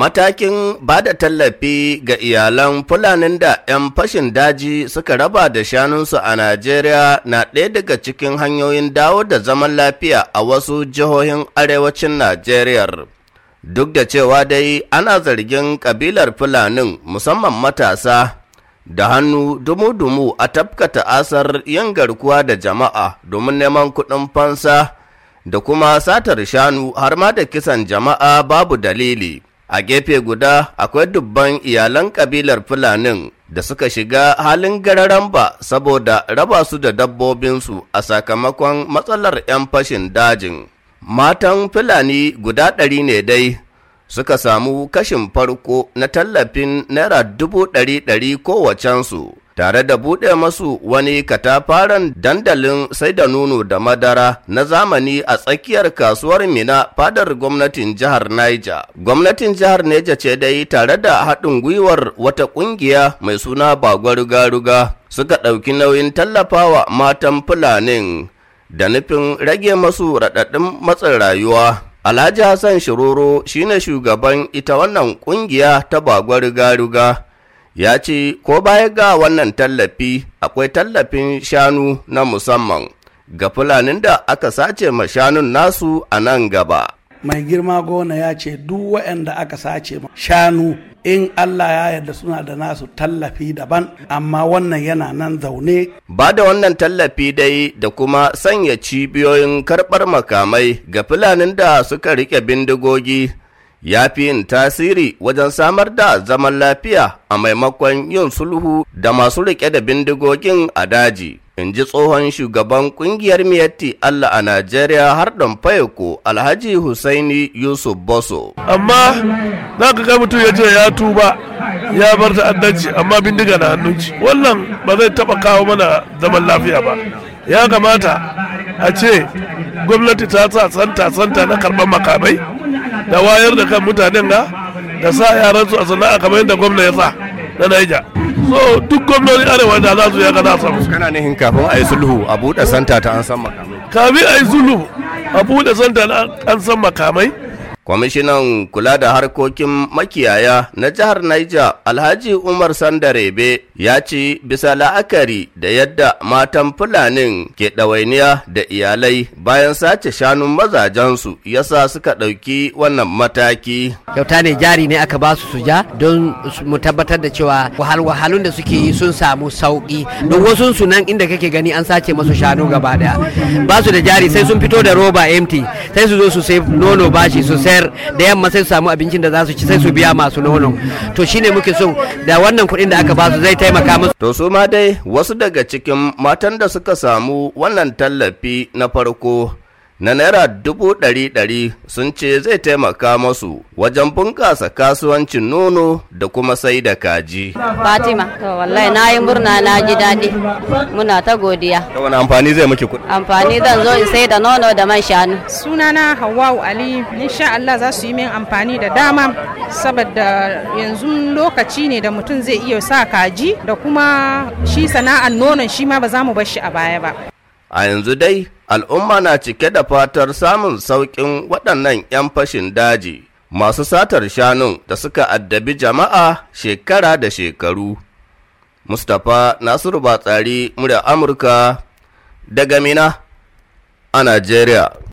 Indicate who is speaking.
Speaker 1: Matakin ba da tallafi ga iyalan Fulanin da 'yan fashin daji suka raba da shanunsu a Najeriya na ɗaya daga cikin hanyoyin dawo da zaman lafiya a wasu jihohin arewacin Najeriya. Duk da cewa dai ana zargin ƙabilar Fulanin musamman matasa da hannu dumu-dumu a tafkata asar yin garkuwa da jama'a domin neman kuɗin fansa da kuma satar shanu har ma da kisan jama'a babu dalili. a gefe guda akwai dubban iyalan kabilar fulanin da suka shiga halin gararamba saboda raba su da dabbobinsu a sakamakon matsalar 'yan fashin dajin matan fulani guda ɗari ne dai suka samu kashin farko na tallafin naira dubu ɗari ɗari kowacensu tare da buɗe masu wani katafaren dandalin sai da nono da madara na zamani a tsakiyar kasuwar Mina fadar gwamnatin jihar Niger. Gwamnatin jihar Niger ce dai tare da haɗin gwiwar wata ƙungiya mai suna Bagwaruga-ruga suka ɗauki nauyin tallafawa matan Fulanin da nufin rage masu raɗaɗin matsin rayuwa. Alhaji Hassan Shiroro shine shugaban ita wannan ƙungiya ta Bagwaruga-ruga. ya ce ko baya ga wannan tallafi akwai tallafin shanu na musamman ga fulanin da aka sace ma shanun nasu a nan gaba. Mai girma gona ya ce duk waɗanda aka sace ma shanu in Allah ya yarda suna da nasu tallafi daban amma wannan yana nan zaune. Ba da wannan tallafi dai da kuma sanya cibiyoyin karɓar makamai ga fulanin da suka riƙe bindigogi ya fi yin tasiri wajen samar da zaman lafiya a maimakon yin sulhu da masu riƙe da bindigogin a daji. in ji tsohon shugaban kungiyar miyatti Allah a Najeriya har don fayako Alhaji Husaini Yusuf Boso. Amma za ka ga mutum ya ce ya tuba ya bar ta'addanci amma bindiga na hannunci. Wannan ba zai taba kawo mana zaman lafiya ba. Ya kamata a ce gwamnati ta sa santa santa na karɓar makamai da wayar da kan mutanen ga da sa yaran su a sana'a kamar yadda gwamna ya sa na Naija so duk gwamnoni arewa da za su ya ga za su kana nihin kafin a yi sulhu a buɗe santa ta an san makamai kafin a yi sulhu a buɗe santa ta an san makamai Kwamishinan kula da harkokin makiyaya na jihar Niger Alhaji Umar Sandarebe ya ce bisa la'akari da yadda matan Fulanin ke ɗawainiya da iyalai bayan sace shanun mazajensu yasa suka ɗauki wannan mataki. Kyauta ne jari ne aka ba su ja don mu tabbatar da cewa wahalwahalun da suke yi sun samu sauƙi don wasu su nan inda kake gani an sace masu shanu gaba daya ba su da jari sai sun fito da roba empty sai su zo su sai nono bashi sosai sayar da yamma sai su samu abincin da za su ci sai su biya masu nono to shine muke so da wannan kuɗin da aka ba su zai taimaka musu to su ma dai wasu daga cikin matan da suka samu wannan tallafi na farko na naira dubu ɗari ɗari sun ce zai taimaka masu wajen bunƙasa kasuwancin nono da kuma sai da kaji. Fatima, to wallahi na yi murna na ji daɗi muna ta godiya. Ta wani amfani zai muke kuɗi? Amfani zan zo in sai da nono da man shanu. Sunana Hawwa'u Ali, insha Allah za su yi min amfani da dama saboda yanzu lokaci ne da mutum zai iya sa kaji da kuma shi sana'ar nonon shi ma ba za mu bar shi a baya ba. A yanzu dai al'umma na cike da fatar samun sauƙin waɗannan 'yan fashin daji masu satar shanun da suka addabi jama'a shekara da shekaru. Mustapha Nasiru Batsari, murya Amurka, daga Mina a Najeriya.